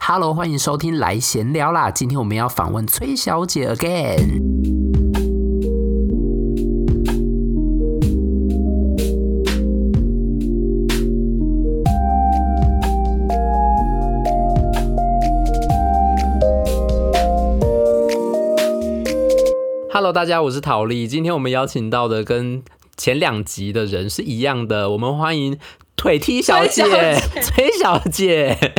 Hello，歡迎收聽來閒聊啦！今天我們要訪問崔小姐 again。Hello，大家，我是陶勵。今天我們邀請到的跟前兩集的人是一樣的，我們歡迎腿踢小姐、崔小姐。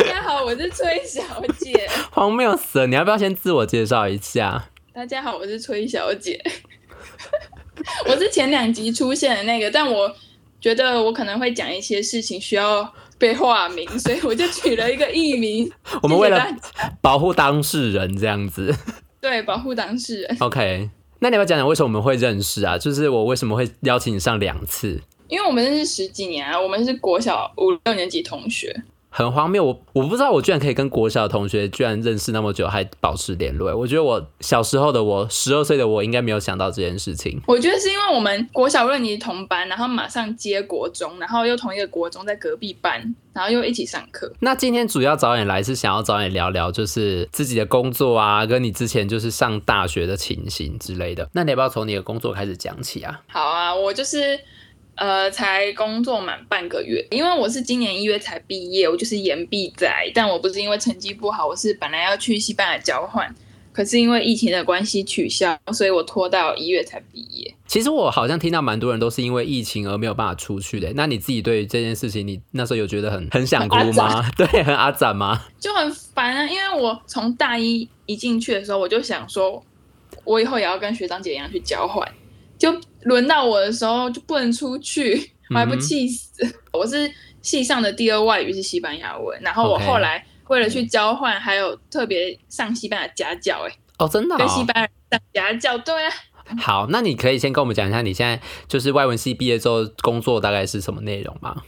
我是崔小姐，好，謬死你要不要先自我介紹一下？大家好，我是崔小姐，我是前兩集出現的那個，但我覺得我可能會講一些事情需要被化名，所以我就取了一個藝名。 謝謝我們為了保護當， 當事人，這樣子對，保護當事人。OK，那你要講講為什麼我們會認識啊？就是我為什麼會邀請你上兩次？因為我們認識十幾年啊，我們是國小五六年級同學。很荒謬，我我不知道，我居然可以跟國小的同學居然認識那麼久，還保持聯絡。我覺得我小時候的我，十二歲的我，我應該沒有想到這件事情。我覺得是因為我們國小，如果你同班，然後馬上接國中，然後又同一個國中在隔壁班，然後又一起上課。那今天主要找你來是想要找你聊聊，就是自己的工作啊，跟你之前就是上大學的情形之類的。那你要不要從你的工作開始講起啊？好啊，我就是。呃，才工作滿半個月，因為我是今年一月才畢業，我就是延畢仔，但我不是因為成績不好，我是本來要去西班牙交換，可是因為疫情的關係取消，所以我拖到一月才畢業。其實我好像聽到蠻多人都是因為疫情而沒有辦法出去的。欸，那你自己對這件事情，你那時候有覺得很很想哭嗎？ 對，很阿展嗎？就很煩啊，因為我從大一一進去的時候，我就想說，我以後也要跟學長姐一樣去交換，就。輪到我的時候就不能出去，我還不氣死。嗯、我是系上的第二外語是西班牙文，然後我後來為了去交換，嗯、還有特別上西班牙家教、欸，哎哦，真的、哦、跟西班牙人上家教，對啊。好，那你可以先跟我們講一下你現在就是外文系畢業之後工作大概是什麼內容嗎？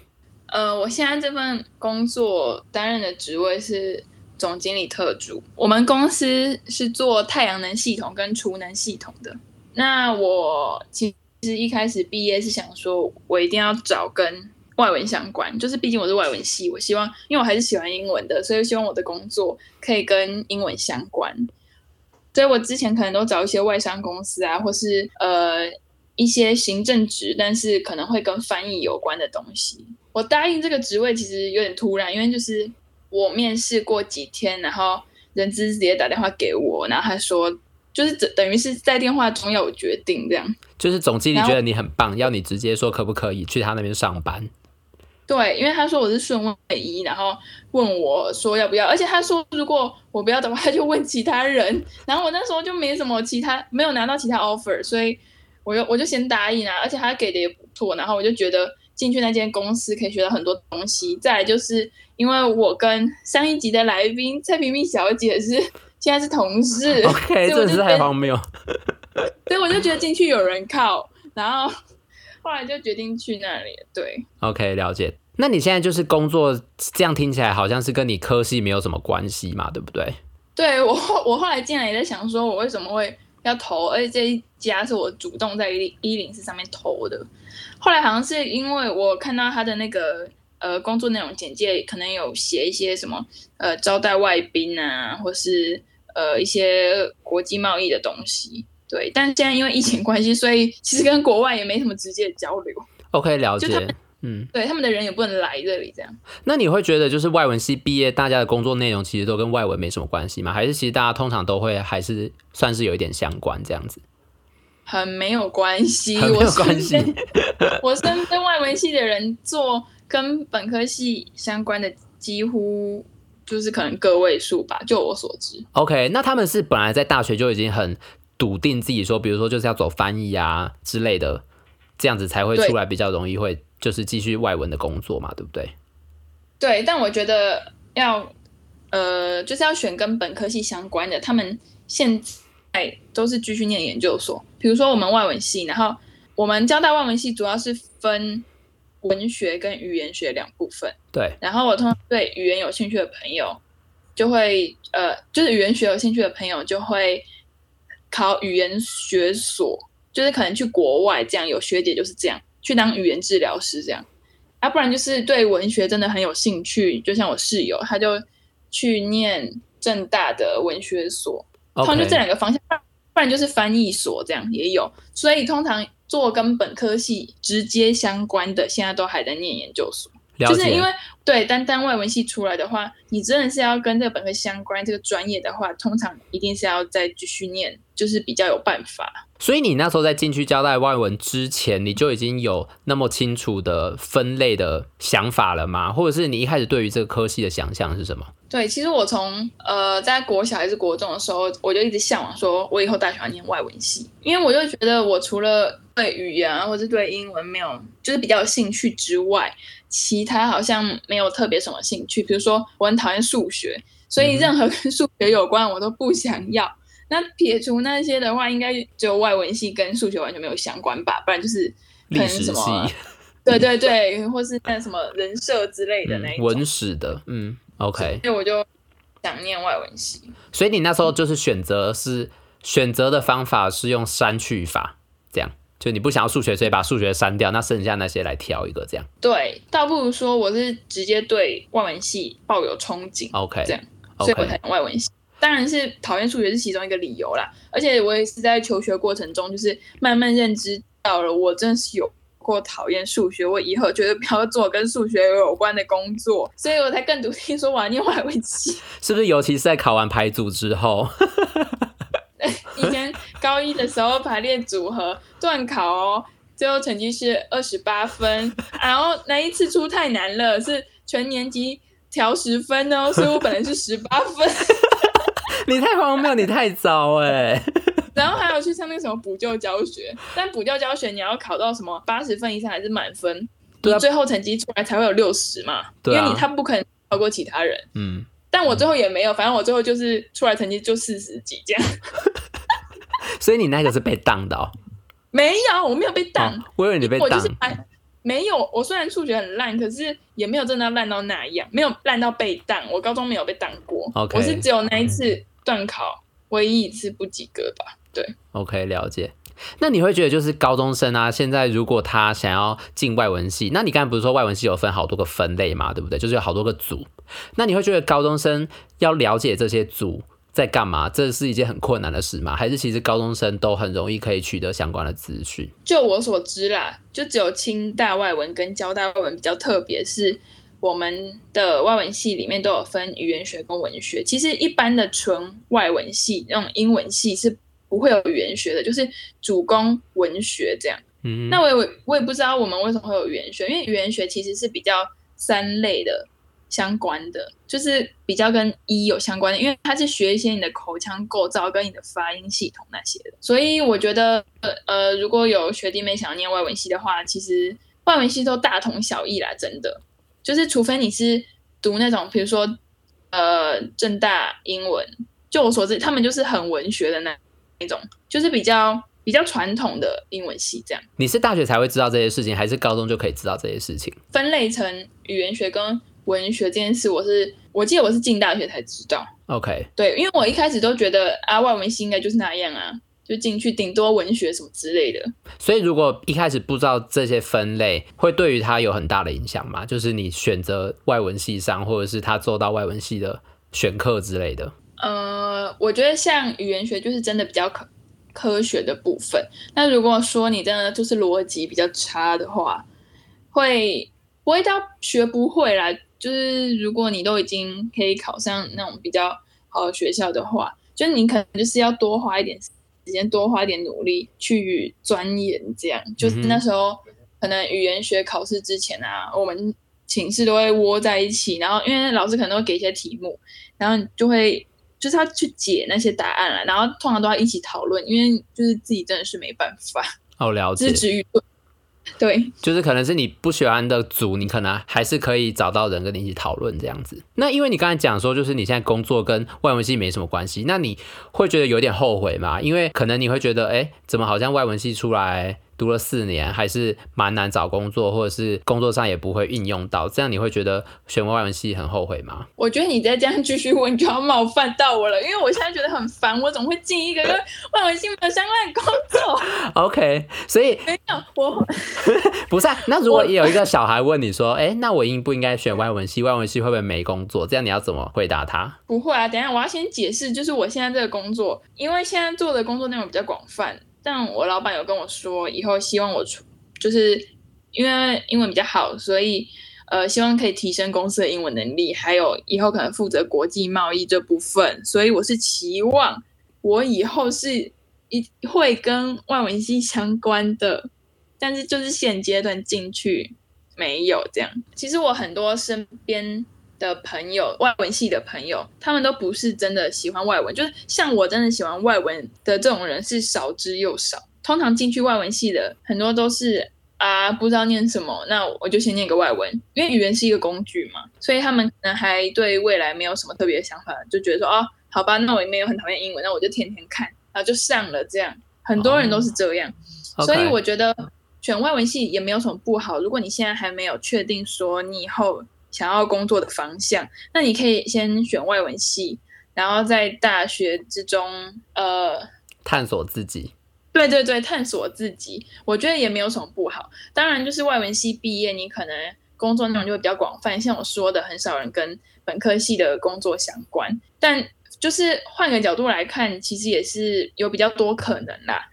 呃，我現在這份工作擔任的職位是總經理特助，我們公司是做太陽能系統跟儲能系統的，那我其其實一開始畢業是想說，我一定要找跟外文相關，就是畢竟我是外文系，我希望，因為我還是喜歡英文的，所以希望我的工作可以跟英文相關。所以我之前可能都找一些外商公司啊，或是呃一些行政職，但是可能會跟翻譯有關的東西。我答應這個職位其實有點突然，因為就是我面試過幾天，然後人資直接打電話給我，然後他說。就是等等於是在電話中要有決定這樣，就是總經理覺得你很棒，然後，要你直接說可不可以去他那邊上班。對，因為他說我是順位一，然後問我說要不要，而且他說如果我不要的話，他就問其他人。然後我那時候就沒什麼其他，沒有拿到其他 offer，所以我就我就先答應了啊，而且他給的也不錯。然後我就覺得進去那間公司可以學到很多東西。再就是因為我跟上一集的來賓蔡萍萍小姐是現在是同事，OK Okay, 所以我就很沒有，所以我就覺得進去有人靠， 然後後來就決定去那裡。對，OK，了解。那你現在就是工作，這樣聽起來好像是跟你科系沒有什麼關係嘛，對不對？對，我後我後來進來也在想，說我為什麼會要投？而且這一家是我主動在104上面投的，後來好像是因為我看到他的那個呃工作內容簡介，可能有寫一些什麼呃招待外賓啊，或是。呃，一些國際貿易的東西，對，但是現在因為疫情關係，所以其實跟國外也沒什麼直接的交流。OK，了解。嗯，對他們的人也不能來這裡這樣。那你會覺得，就是外文系畢業，大家的工作內容其實都跟外文沒什麼關係嗎？還是其實大家通常都會還是算是有一點相關這樣子？很沒有關係，我跟，有關 我跟外文系的人做跟本科系相關的幾乎。就是可能個位數吧，就我所知。OK，那他們是本來在大學就已經很篤定自己說，比如說就是要走翻譯啊之類的，這樣子才會出來比較容易會就是繼續外文的工作嘛，對，對不對？對，但我覺得要呃，就是要選跟本科系相關的。他們現在，欸，都是繼續念研究所，比如說我們外文系，然後我們交大外文系主要是分。文學跟語言學兩部分。對，然後我通常對語言有興趣的朋友，就會呃，就是語言學有興趣的朋友就會考語言學所，就是可能去國外這樣。有學姐就是這樣，去當語言治療師這樣。啊，不然就是對文學真的很有興趣，就像我室友，他就去念正大的文學所。通常就這兩個方向，Okay. 不然就是翻譯所這樣也有。所以通常。做跟本科系直接相關的，現在都還在念研究所，了解。就是因為對單單外文系出來的話，你真的是要跟這個本科相關這個專業的話，通常一定是要再繼續念，就是比較有辦法。所以你那時候在進去交大外文之前，你就已經有那麼清楚的分類的想法了嗎？或者是你一開始對於這個科系的想象是什麼？對，其實我從呃在國小還是國中的時候，我就一直向往說，我以後大學要念外文系，因為我就覺得我除了對語言、啊、或者對英文沒有，就是比較有興趣之外，其他好像沒有特別什麼興趣。比如說，我很討厭數學，所以任何跟數學有關我都不想要。嗯、那撇除那些的話，應該就只有外文系跟數學完全沒有相關吧？不然就是可能什麼、歷史系，嗯、 對對對，或是那什麼人設之類的那一種、嗯、文史的，嗯。OK，所以我就想念外文系。所以你那時候就是選擇是、嗯、選擇的方法是用刪去法，這樣，就你不想要數學，所以把數學刪掉，那剩下那些來挑一個這樣。對，倒不如說我是直接對外文系抱有憧憬。OK，這樣，所以我才念外文系。Okay, 當然是討厭數學是其中一個理由啦，而且我也是在求學過程中就是慢慢認知到了，我真的是有。過討厭數學，我以後絕對不要做跟數學有關的工作，所以我才更篤定說玩另外一期，是不是？尤其是在考完排組之後， 以前高一的時候排列組合斷考哦，最後成績是二十八分，然後那一次出太難了，是全年級調十分哦，所以我本來是十八分。 你太荒謬，你太糟哎！ 然後還有去上那個什麼補救教學，但補教教學你要考到什麼八十分以上還是滿分，對啊，最後成績出來才會有六十嘛，啊、因為你他不可能考過其他人。嗯，但我最後也沒有，反正我最後就是出來成績就四十幾這樣。 所以你那個是被擋到、哦、沒有，我沒有被擋、哦。我以為你被擋。我就是、嗯、沒有。我雖然數學很爛，可是也沒有真的爛到那樣，沒有爛到被擋。我高中沒有被擋過，okay，我是只有那一次。嗯段考唯一一次不及格吧，對，OK，了解。那你會覺得就是高中生啊，現在如果他想要進外文系，那你剛才不是說外文系有分好多個分類嘛，對不對？就是有好多個組。那你會覺得高中生要了解這些組在幹嘛，這是一件很困難的事嗎？還是其實高中生都很容易可以取得相關的資訊？就我所知啦，就只有清大外文跟交大外文比較特別是。我們的外文系裡面都有分語言學跟文學，其實一般的純外文系那種英文系是不會有語言學的，就是主攻文學這樣。嗯，嗯，那我也我也不知道我們為什麼會有語言學，因為語言學其實是比較三類的相關的，就是比較跟音有相關的，因為它是學一些你的口腔構造跟你的發音系統那些的。所以我覺得，呃，如果有學弟妹想要念外文系的話，其實外文系都大同小異啦，真的。就是，除非你是讀那種，比如說，呃，政大英文，就我所知，他們就是很文學的那那種，就是比較比較傳統的英文系這樣。你是大學才會知道這些事情，還是高中就可以知道這些事情？分類成語言學跟文學這件事，我是我記得我是進大學才知道。OK，對，因為我一開始都覺得啊，外文系應該就是那樣啊。就進去，頂多文學什麼之類的。所以，如果一開始不知道這些分類，會對於他有很大的影響嗎？就是你選擇外文系上，或者是他做到外文系的選課之類的。呃，我覺得像語言學就是真的比較科科學的部分。那如果說你真的就是邏輯比較差的話，會不會到學不會啦？就是如果你都已經可以考上那種比較好的學校的話，就是你可能就是要多花一點時間多花點努力去鑽研，這樣，嗯、哼就是那時候可能語言學考試之前啊，我們寢室都會窩在一起，然後因為老師可能會給一些題目，然後你就會就是他去解那些答案了，然後通常都要一起討論，因為就是自己真的是沒辦法，好，哦，了解。制對，就是可能是你不喜歡的組，你可能還是可以找到人跟你一起討論這樣子。那因為你剛才講說，就是你現在工作跟外文系沒什麼關係，那你會覺得有點後悔嗎？因為可能你會覺得，哎，怎麼好像外文系出來？讀了四年還是蠻難找工作，或者是工作上也不會運用到，這樣你會覺得選外文系很後悔嗎？我覺得你再這樣繼續問，就要冒犯到我了，因為我現在覺得很煩，我怎麼會進一個跟外文系沒有相關的工作 ？OK，所以沒有我 不是。那如果有一個小孩問你說，哎，我，那我應不應該選外文系？外文系會不會沒工作？這樣你要怎麼回答他？不會啊，等一下我要先解釋，就是我現在這個工作，因為現在做的工作內容比較廣泛。但我老闆有跟我說，以後希望我出，就是因為英文比較好，所以呃，希望可以提升公司的英文能力，還有以後可能負責國際貿易這部分，所以我是期望我以後是一會跟外文系相關的，但是就是現階段進去沒有這樣。其實我很多身邊。的朋友，外文系的朋友，他們都不是真的喜歡外文，就是像我真的喜歡外文的這種人是少之又少。通常進去外文系的很多都是啊，不知道念什麼，那我就先念個外文，因為語言是一個工具嘛，所以他們可能還對未來沒有什麼特別的想法，就覺得說哦，好吧，那我也沒有很討厭英文，那我就天天看，然後就上了這樣。很多人都是這樣，Oh, okay. 所以我覺得選外文系也沒有什麼不好。如果你現在還沒有確定說你以後，想要工作的方向，那你可以先選外文系，然後在大學之中，呃，探索自己。對對對，探索自己，我覺得也沒有什麼不好。當然，就是外文系畢業，你可能工作內容就會比較廣泛，像我說的，很少人跟本科系的工作相關。但就是換個角度來看，其實也是有比較多可能啦。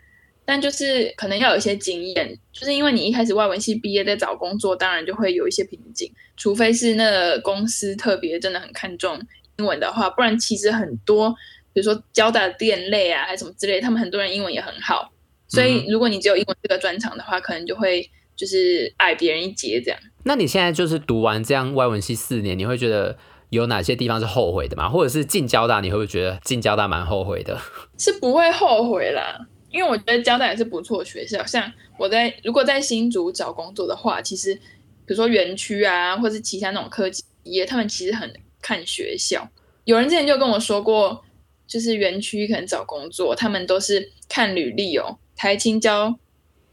但就是可能要有一些經驗，就是因為你一開始外文系畢業在找工作，當然就會有一些瓶頸。除非是那個公司特別真的很看重英文的話，不然其實很多，比如說交大電類啊，還是什麼之類，他們很多人英文也很好。所以如果你只有英文這個專長的話，可能就會就是矮別人一截這樣。那你現在就是讀完這樣外文系四年，你會覺得有哪些地方是後悔的嗎？或者是進交大，你會不會覺得進交大蠻後悔的？是不會後悔啦。因為我覺得交大也是不錯的學校，像我在如果在新竹找工作的話，其實比如說園區啊，或是其他那種科技業他們其實很看學校。有人之前就跟我說過，就是園區可能找工作，他們都是看履歷哦，台清交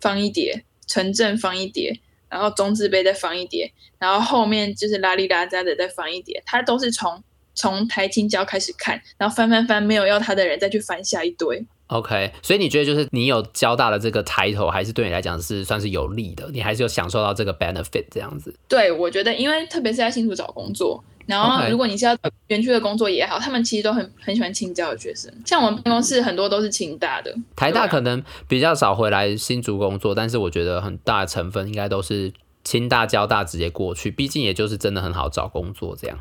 放一疊，成政放一疊，然後中字輩再放一疊，然後後面就是拉哩拉雜的再放一疊，他都是從從台清交開始看，然後翻翻翻，沒有要他的人，再去翻下一堆。OK，所以你覺得就是你有交大的這個抬頭，還是對你來講是算是有利的？你還是有享受到這個 benefit 這樣子？對，我覺得，因為特別是在新竹找工作，然後如果你是要園區的工作也好，他們其實都很很喜歡清交的學生，像我們辦公室很多都是清大的，啊、台大可能比較少回來新竹工作，但是我覺得很大的成分應該都是清大、交大直接過去，畢竟也就是真的很好找工作這樣。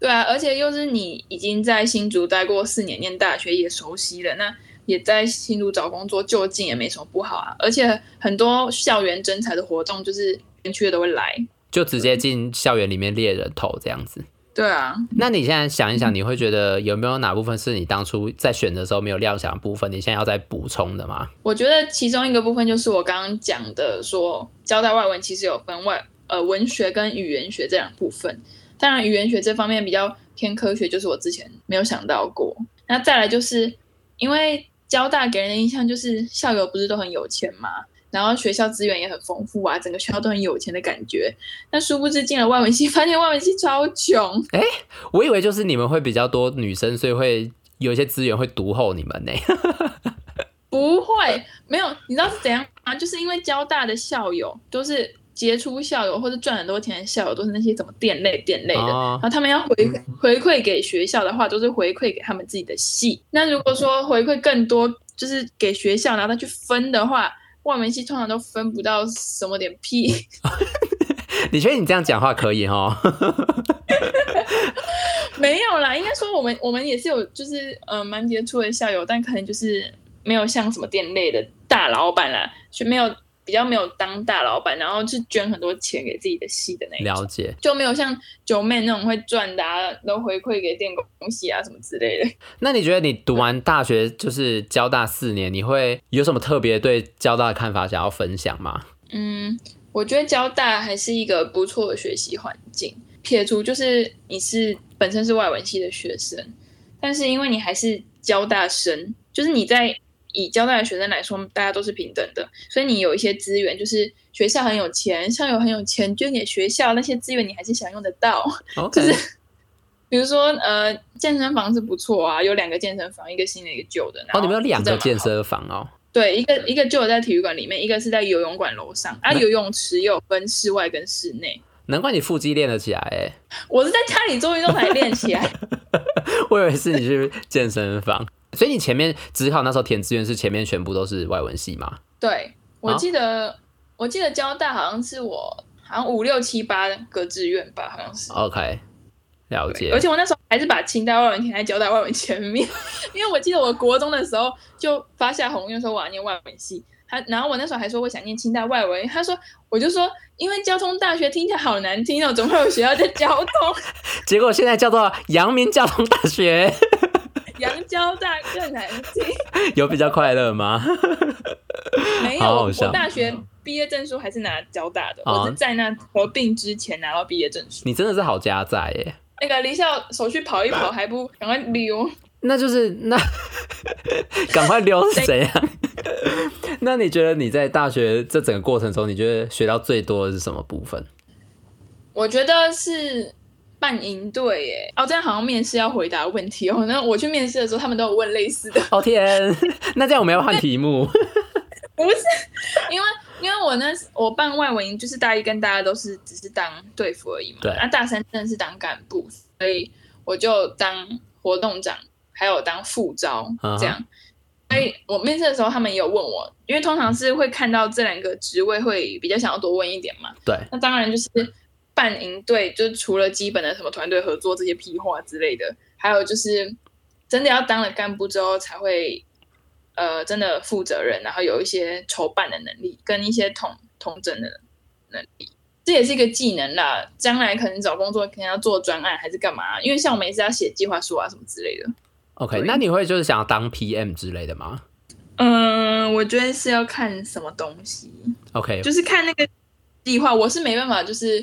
對啊，而且又是你已經在新竹待過四年，念大學也熟悉了，那。也在新竹找工作，就近也沒什麼不好啊。而且很多校園徵才的活動，就是園區的都會來，就直接進校園裡面獵人頭這樣子。嗯、對啊，那你現在想一想，你會覺得有沒有哪部分是你當初在選的時候沒有料想的部分，你現在要再補充的嗎？我覺得其中一個部分就是我剛剛講的，說交大外文其實有分外呃文學跟語言學這兩部分。當然語言學這方面比較偏科學，就是我之前沒有想到過。那再來就是因為。交大給人的印象就是校友不是都很有錢嘛，然後學校資源也很豐富啊，整個學校都很有錢的感覺。但殊不知進了外文系，發現外文系超窮。哎、欸，我以為就是你們會比較多女生，所以會有一些資源會獨厚你們呢、欸。 不會，沒有，你知道是怎樣嗎、啊？就是因為交大的校友都是。傑出校友或者賺很多錢的校友都是那些什麼電類，電類的，哦、然後他們要回饋、嗯、回饋給學校的話，都，就是回饋給他們自己的系。那如果說回饋更多，就是給學校，然後他去分的話，外文系通常都分不到什麼點屁。 你覺得你這樣講話可以哈？ 沒有啦，應該說我們我們也是有，就是嗯，蠻、呃、傑出的校友，但可能就是沒有像什麼電類的大老闆啦，就沒有。比較沒有當大老闆，然後是捐很多錢給自己的系的那一種，了解，就沒有像九妹那種會賺，啊，大家都回饋給電工系啊什麼之類的。那你覺得你讀完大學，就是交大四年，嗯、你會有什麼特別對交大的看法想要分享嗎？嗯，我覺得交大還是一個不錯的學習環境，撇除，就是你是本身是外文系的學生，但是因為你還是交大生，就是你在。以交大的學生來說，大家都是平等的，所以你有一些資源，就是學校很有錢，校友很有錢捐給學校，那些資源你還是想用得到，Okay. 就是比如說呃，健身房是不錯啊，有兩個健身房，一個新的一個舊的。然後的哦，你們有兩個健身房哦。對，一個一個舊的在體育館裡面，一個是在游泳館樓上、嗯、啊，游泳池又分室外跟室內。難怪你腹肌練得起來、欸，哎，我是在家裡做運動才練起來。 我以為是你去健身房。 所以你前面指考那時候填志願是前面全部都是外文系嗎？對，我記得、啊、我記得交大好像是我好像五六七八個志願吧，好像是。OK，了解。而且我那時候還是把清大外文填在交大外文前面，因為我記得我國中的時候就發下紅，就說我要念外文系。他然後我那時候還說我想念清大外文，他說我就說因為交通大學聽起來好難聽哦，怎麼會有學校叫交通？ 結果現在叫做陽明交通大學。 陽交大更難進， 有比較快樂嗎？ 沒有，我，我大學畢業證書還是拿交大的，哦、我是在那合併之前拿到畢業證書。你真的是好家在耶、欸！那個離校手續跑一跑還不趕快溜？那就是那趕 快溜是誰啊？ 那你覺得你在大學這整個過程中，你覺得學到最多的是什麼部分？我覺得是。辦營隊哎，哦，這樣好像面試要回答問題哦、喔。那我去面試的時候，他們都有問類似的。哦天，那這樣我們要換題目？ 不是，因為因為我那我辦外文營就是大一跟大家都是只是當隊輔而已嘛。對。啊、大三真的是當幹部，所以我就當活動長，還有當副招這樣。嗯、哼所以我面試的時候，他們也有問我，因為通常是會看到這兩個職位，會比較想要多問一點嘛。對。那當然就是。辦營隊就除了基本的什麼團隊合作這些批話之類的，還有就是真的要當了幹部之後才會，呃，真的負責任，然後有一些籌辦的能力跟一些統統整的能力，這也是一個技能啦。將來可能找工作肯定要做專案還是幹嘛？因為像我們也是要寫計劃書啊什麼之類的。OK，對那你會就是想要當 PM 之類的嗎？嗯，我覺得是要看什麼東西。OK，就是看那個計劃，我是沒辦法就是。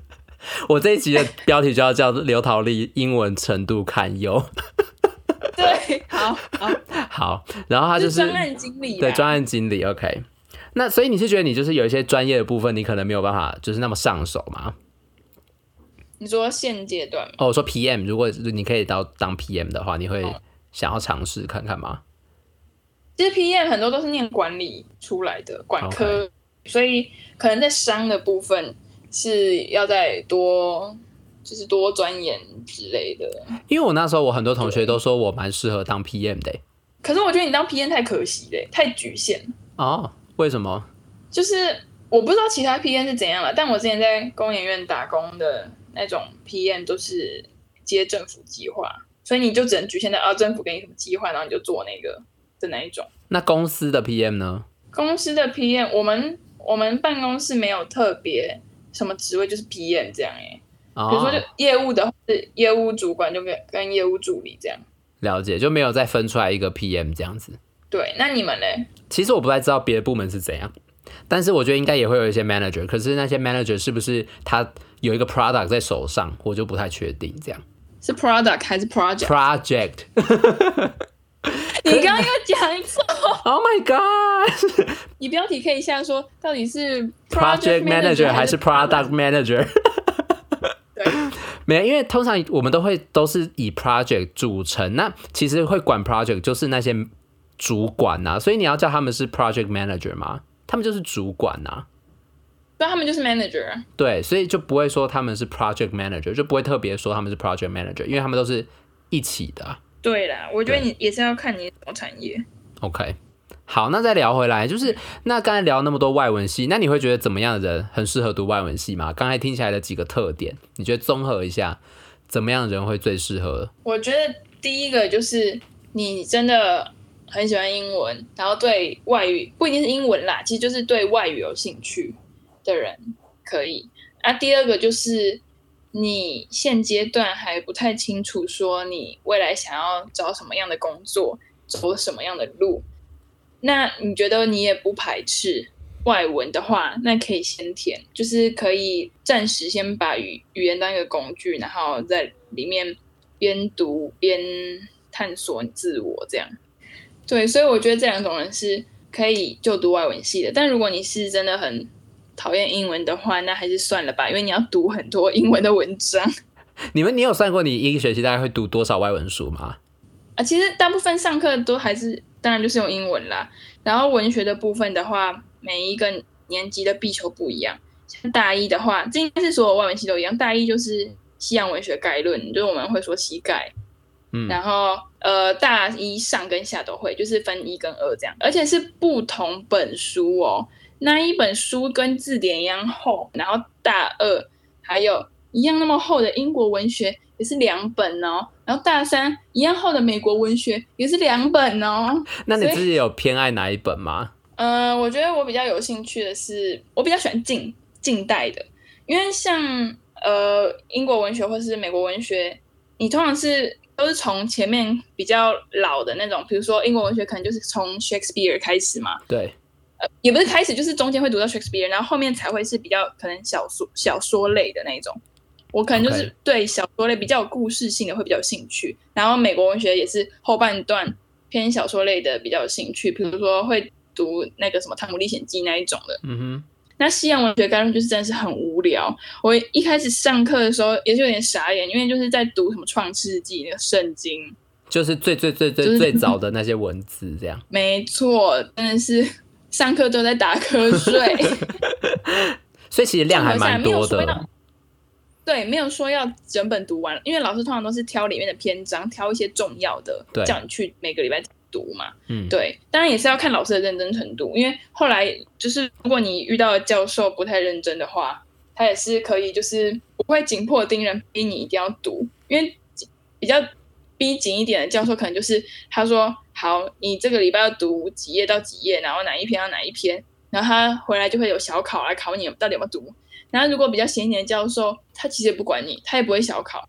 我這一集的標題就要叫劉陶勵 英文程度堪憂。 對，好好，好，然後他就是專案經理，對，專案經理。OK，那所以你是覺得你就是有一些專業的部分，你可能沒有辦法就是那麼上手嗎？你說現階段嗎？哦，我說 PM，如果你可以到當 PM 的話，你會想要嘗試看看嗎？其實 PM 很多都是念管理出來的，管科，Okay. 所以可能在商的部分。是要再多，就是多鑽研之類的。因為我那時候，我很多同學都說我蠻適合當 PM 的、欸。可是我覺得你當 PM 太可惜了、欸，太局限了啊、哦，為什麼？就是我不知道其他 PM 是怎樣了。但我之前在工研院打工的那種 PM 都是接政府計劃，所以你就只能局限在啊，政府給你什麼計劃，然後你就做那個的那一種。那公司的 PM 呢？公司的 PM，我們我們辦公室沒有特別。什麼職位就是 PM 這樣哎、欸，比如說就業務的話、oh. 是業務主管，就沒有跟業務助理這樣了解，就沒有再分出來一個 PM 這樣子。對，那你們嘞？其實我不太知道別的部門是怎樣，但是我覺得應該也會有一些 manager。可是那些 manager 是不是他有一個 product 在手上，我就不太確定這樣。是 product 還是 project？Project 是。你剛剛又講一次。Oh my God！ 你標題可以下說，到底是 project manager 還是 product manager？對，沒有，因為通常我們都會都是以 project 組成。那其實會管 project 就是那些主管吶、啊，所以你要叫他們是 project manager 嗎？他們就是主管吶、啊。所以他們就是 manager。對，所以就不會說他們是 project manager，就不會特別說他們是 project manager，因為他們都是一起的。對啦，我覺得你也是要看你什麼產業。OK。好，那再聊回來，就是那剛才聊那麼多外文系，那你會覺得怎麼樣的人很適合讀外文系嗎？剛才聽起來的幾個特點，你覺得綜合一下，怎麼樣的人會最適合？我覺得第一個就是你真的很喜歡英文，然後對外語不一定是英文啦，其實就是對外語有興趣的人可以。那，啊，第二個就是你現階段還不太清楚說你未來想要找什麼樣的工作，走什麼樣的路，那你覺得你也不排斥外文的話，那可以先填，就是可以暫時先把語語言當一個工具，然後在裡面邊讀邊探索自我這樣。對，所以我覺得這兩種人是可以就讀外文系的。但如果你是真的很討厭英文的話，那還是算了吧，因為你要讀很多英文的文章。你們，你有算過你一個學期大概會讀多少外文書嗎？啊，其實大部分上課都還是。當然就是用英文啦。然後文學的部分的話，每一個年級的必修不一樣。像大一的話，應該是所有外文系都一樣，大一就是西洋文學概論，就是我們會說西概。嗯。然後呃，大一上跟下都會，就是分一跟二這樣，而且是不同本書哦。那一本書跟字典一樣厚，然後大二還有一樣那麼厚的英國文學也是兩本哦。然後大三一樣厚的美國文學也是兩本哦。那你自己有偏愛哪一本嗎？呃，我覺得我比較有興趣的是，我比較喜歡近近代的，因為像呃英國文學或是美國文學，你通常是都是從前面比較老的那種，比如說英國文學可能就是從 Shakespeare 開始嘛。對。呃，也不是開始，就是中間會讀到 Shakespeare，然後後面才會是比較可能小說小說類的那種。我可能就是對小說類比較有故事性的會比較有興趣，Okay. 然後美國文學也是後半段偏小說類的比較有興趣，比如說會讀那個什麼《湯姆歷險記》那一種的。嗯哼。那西洋文學概論就是真的是很無聊，我一開始上課的時候也是有點傻眼，因為就是在讀什麼《創世紀》那個聖經，就是最最最最最早的那些文字這樣。 沒錯，真的是上課都在打瞌睡。 所以其實量還蠻多的。對，沒有說要整本讀完，因為老師通常都是挑裡面的篇章，挑一些重要的，對叫你去每個禮拜讀嘛。嗯，對，當然也是要看老師的認真程度，因為後來就是如果你遇到的教授不太認真的話，他也是可以，就是不會緊迫的盯人逼你一定要讀，因為比較逼緊一點的教授可能就是他說好，你這個禮拜要讀幾頁到幾頁，然後哪一篇到哪一篇，然後他回來就會有小考來考你到底有沒有讀。然後如果比較閒一點的教授，他其實也不管你，他也不會小考，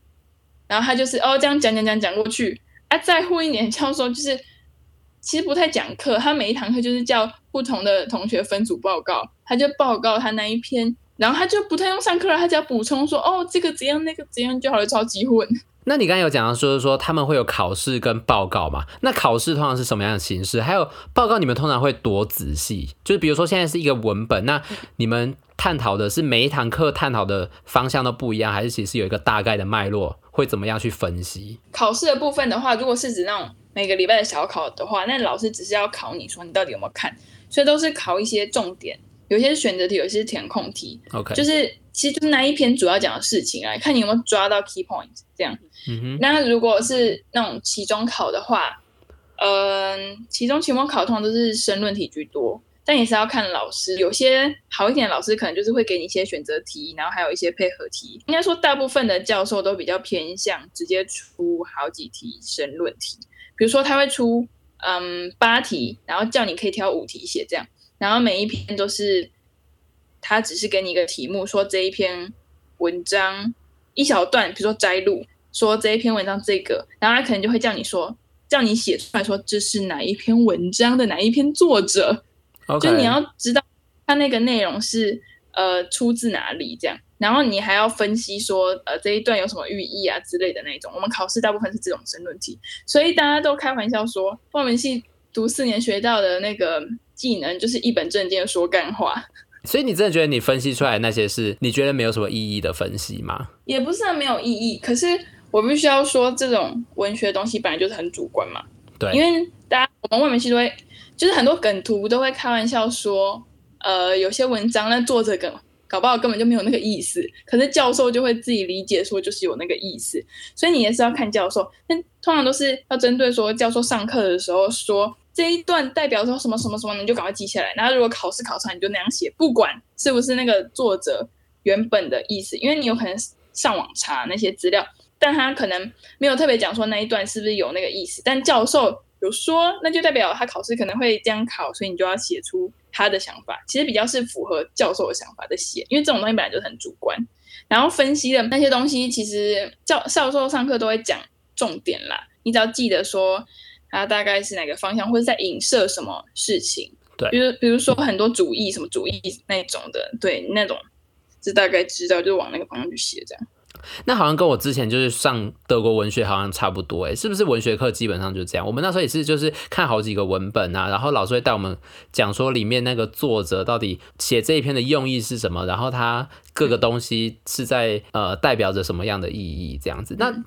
然後他就是哦這樣講講講講過去，啊再混一點教授就是，其實不太講課，他每一堂課就是叫不同的同學分組報告，他就報告他那一篇，然後他就不太用上課了，他只要補充說哦這個怎樣那個怎樣就好了，超級混。那你剛才有講到，說就是說他們會有考試跟報告嘛？那考試通常是什麼樣的形式？還有報告，你們通常會多仔細？就是比如說現在是一個文本，那你們探討的是每一堂課探討的方向都不一樣，還是其實有一個大概的脈絡，會怎麼樣去分析？考試的部分的話，如果是指那種每個禮拜的小考的話，那老師只是要考你說你到底有沒有看，所以都是考一些重點，有些是選擇題，有些是填空題。OK，就是。其實就那一篇主要講的事情啊，看你有沒有抓到 key points，這樣，嗯、哼那如果是那種期中考的話，嗯、呃，期中、期末考的通常都是申論題居多，但也是要看老師。有些好一點的老師可能就是會給你一些選擇題，然後還有一些配合題。應該說，大部分的教授都比較偏向直接出好幾題申論題，比如說他會出嗯八題，然後叫你可以挑五題寫這樣，然後每一篇都是。他只是給你一個題目，說這一篇文章一小段，比如說摘錄，說這一篇文章這個，然後他可能就會叫你說，叫你寫出來說這是哪一篇文章的哪一篇作者，Okay. 就你要知道他那個內容是呃出自哪裡這樣，然後你還要分析說呃這一段有什麼寓意啊之類的那種。我們考試大部分是這種申論題，所以大家都開玩笑說，外文系讀四年學到的那個技能就是一本正經的說幹話。所以你真的覺得你分析出來的那些是你覺得沒有什麼意義的分析嗎？也不是很沒有意義，可是我必須要說，這種文學的東西本來就是很主觀嘛。對，因為大家我們外面其實都會，就是很多梗圖都會開玩笑說，呃，有些文章那做這個搞不好根本就沒有那個意思，可是教授就會自己理解說就是有那個意思。所以你也是要看教授，但通常都是要針對說教授上課的時候說。這一段代表說什麼什麼什麼，你就趕快記下來。然後如果考試考上，你就那樣寫，不管是不是那個作者原本的意思，因為你有可能上網查那些資料，但他可能沒有特別講說那一段是不是有那個意思。但教授有說，那就代表他考試可能會這樣考，所以你就要寫出他的想法。其實比較是符合教授的想法的寫，因為這種東西本來就很主觀。然後分析的那些東西，其實教教授上課都會講重點啦，你只要記得說。它大概是哪個方向，或者在影射什麼事情？對，比如，比如說很多主義，什麼主義那種的，嗯、對，那種，就大概知道，就往那個方向去寫，這樣。那好像跟我之前就是上德國文學好像差不多。欸，哎，是不是文學課基本上就這樣？我們那時候也是，就是看好幾個文本啊，然後老師會帶我們講說裡面那個作者到底寫這一篇的用意是什麼，然後他各個東西是在呃代表着什麼樣的意義，這樣子。嗯、那。嗯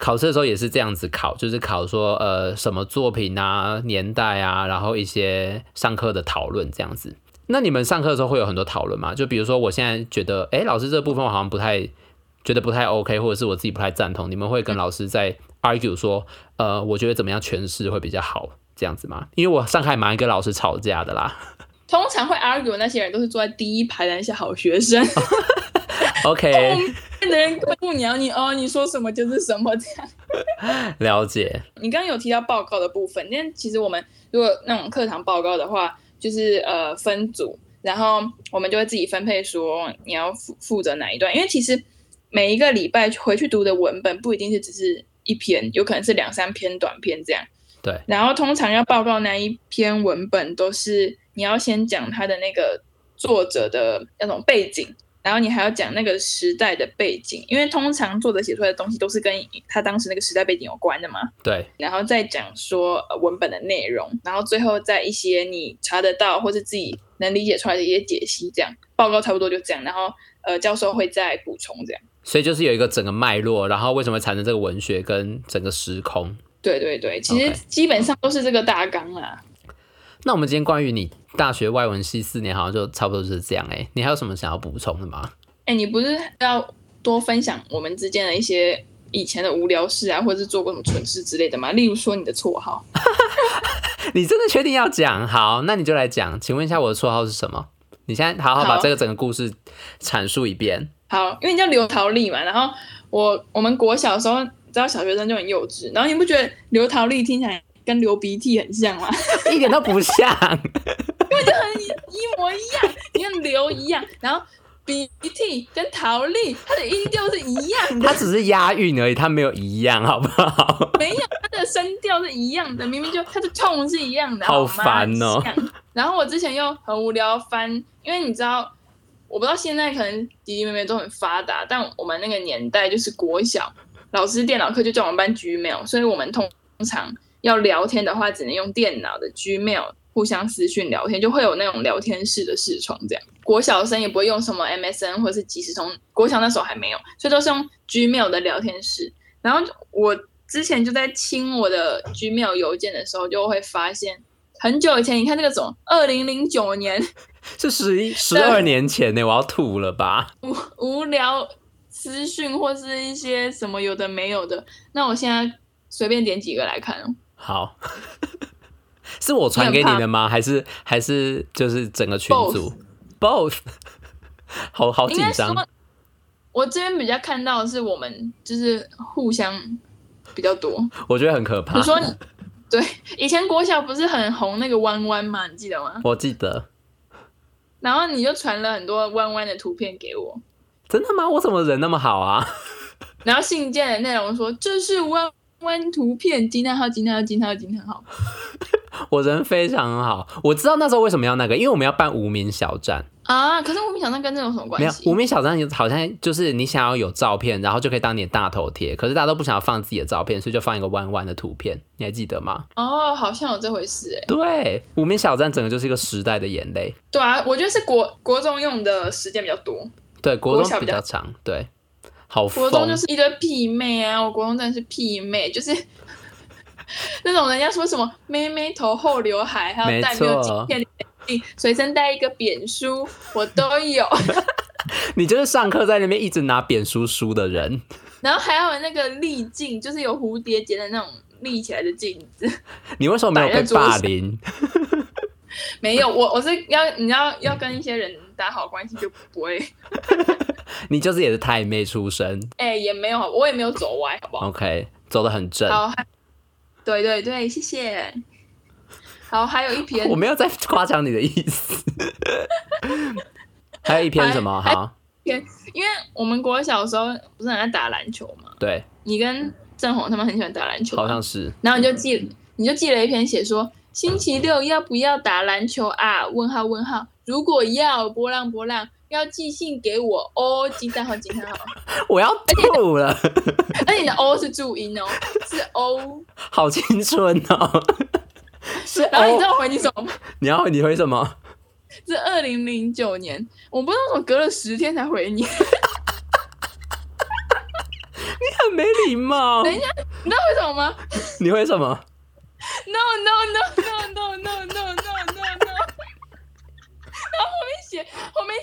考試的時候也是這樣子考，就是考說呃什麼作品啊、年代啊，然後一些上課的討論這樣子。那你們上課的時候會有很多討論嗎？就比如說我現在覺得，哎，老師這部分我好像不太覺得不太 OK，或者是我自己不太贊同，你們會跟老師在 argue 說，呃，我覺得怎麼樣詮釋會比較好這樣子嗎？因為我上課還蠻愛跟老師吵架的啦。通常會 argue 那些人都是坐在第一排的一些好學生。 OK，變得、哦、人你， 你哦，你說什麼就是什麼這樣。 了解。你剛剛有提到報告的部分，那其實我們如果那種課堂報告的話，就是呃分組，然後我們就會自己分配說你要負負責哪一段，因為其實每一個禮拜回去讀的文本不一定是只是一篇，有可能是兩三篇短篇這樣。對。然後通常要報告那一篇文本，都是你要先講他的那個作者的那種背景。然後你還要講那個時代的背景，因為通常作者寫出來的東西都是跟他當時那個時代背景有關的嘛。對。然後再講說文本的內容，然後最後再一些你查得到或是自己能理解出來的一些解析，這樣報告差不多就這樣。然後呃，教授會再補充這樣。所以就是有一個整個脈絡，然後為什麼產生這個文學跟整個時空。對對對，其實基本上都是這個大綱啦。Okay. 那我們今天關於你。大學外文系四年，好像就差不多就是這樣哎、欸。你還有什麼想要補充的嗎？哎、欸，你不是要多分享我們之間的一些以前的無聊事啊，或者是做過什麼蠢事之類的嗎？例如說你的綽號， 你真的確定要講？好，那你就來講。請問一下，我的綽號是什麼？你現在好好把這個整個故事闡述一遍好。好，因為你叫劉陶勵嘛。然後我我們國小的時候，知道小學生就很幼稚。然後你不覺得劉陶勵聽起來？跟流鼻涕很像嗎？一點都不像， 因為就很一模一樣，你看 流一樣，然後鼻涕跟陶勵，它的音調是一樣的，它只是押韻而已，它沒有一樣，好不好？沒有，它的聲調是一樣的，明明就它的痛是一樣的，好煩哦。然後我之前又很無聊翻，因為你知道，我不知道現在可能弟弟妹妹都很發達，但我們那個年代就是國小老師電腦課就教我們班 Gmail，所以我們通常。要聊天的話，只能用電腦的 Gmail 互相私訊聊天，就會有那種聊天室的視窗這樣。國小生也不會用什麼 MSN 或是即時通，國小那時候還沒有，所以都是用 Gmail 的聊天室。然後我之前就在清我的 Gmail 郵件的時候，就會發現很久以前，你看那個什麼，二零零九年，是十一 十二年前呢？欸？我要吐了吧？無無聊私訊或是一些什麼有的沒有的，那我現在隨便點幾個來看。好，是我傳給你的嗎？還是還是就是整個群組 Both.？Both，好好緊張。我這邊比較看到的是我們就是互相比較多，我覺得很可怕。說你說對？以前國小不是很紅那個彎彎嗎？你記得嗎？我記得。然後你就傳了很多彎彎的圖片給我。真的嗎？我怎麼人那麼好啊？然後信件的內容說這是彎。彎彎圖片，驚嘆號，驚嘆號，驚嘆號，驚嘆號。我人非常好，我知道那時候為什麼要那個，因為我們要辦無名小站啊。可是無名小站跟這有什麼關係？沒有，無名小站，好像就是你想要有照片，然後就可以當你的大頭貼。可是大家都不想要放自己的照片，所以就放一個彎彎的圖片。你還記得嗎？哦，好像有這回事哎、欸。對，無名小站整個就是一個時代的眼淚。對啊，我覺得是國國中用的時間比較多。對，國中比較長。較對。好國中就是一堆屁妹啊！我國中真的是屁妹，就是那種人家說什麼妹妹頭、厚劉海，還要有戴個鏡片，隨錯身帶一個扁梳，我都有。 你就是上課在那邊一直拿扁梳梳的人。然後還有那個立鏡，就是有蝴蝶結的那種立起來的鏡子。你為什麼沒有被霸凌？沒有，我我是要你要要跟一些人打好關係就不會。 你就是也是太妹出身，哎、欸，也沒有，我也沒有走歪，好不好？OK，走得很正。好，對對對，謝謝。好，還有一篇，我沒有在誇獎你的意思。 還有一篇什麼？哈還好，因為我們國小的時候不是很愛打籃球嘛。對，你跟鄭宏他們很喜歡打籃球，好像是。然後你就記，你就記了一篇，寫說星期六要不要打籃球啊？問號問號，如果要，波浪波浪。要寄信給我哦，金三好，金三好，我要吐了。那你的 O 是注音哦，是哦，好青春哦。是歐，然後你知道回你什麼嗎？你要你回什麼？是二零零九年，我不知道怎麼隔了十天才回你。 你很沒禮貌。等一下，你知道回什麼嗎？你回什麼？No no no no no no。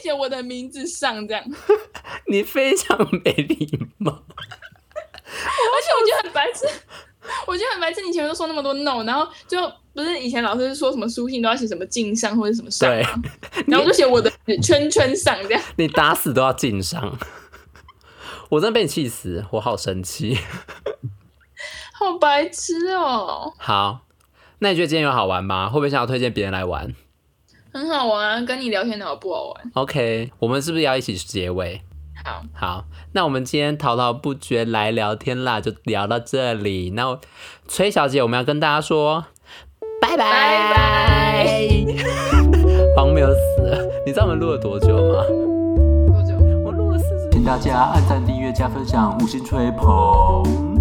寫我的名字上，這樣。你非常沒禮貌， 而且我覺得很白痴。我覺得很白痴，你前面都說那麼多 no，然後就不是以前老師是說什麼書信都要寫什麼敬上或者什麼上，對，然後就寫我的圈圈上這樣。你打死都要敬上， 我真的被你氣死，我好生氣，好白痴哦，喔。好，那你覺得今天有好玩嗎？會不會想要推薦別人來玩？很好玩，啊，跟你聊天好不好玩？OK，我們是不是要一起結尾？好，好，那我們今天滔滔不絕來聊天啦，就聊到這裡。那崔小姐，我們要跟大家說拜拜拜拜。荒拜 沒有死，你知道我們錄了多久嗎？多久？我錄了四十。請大家按讚、訂閱、加分享，五星吹捧。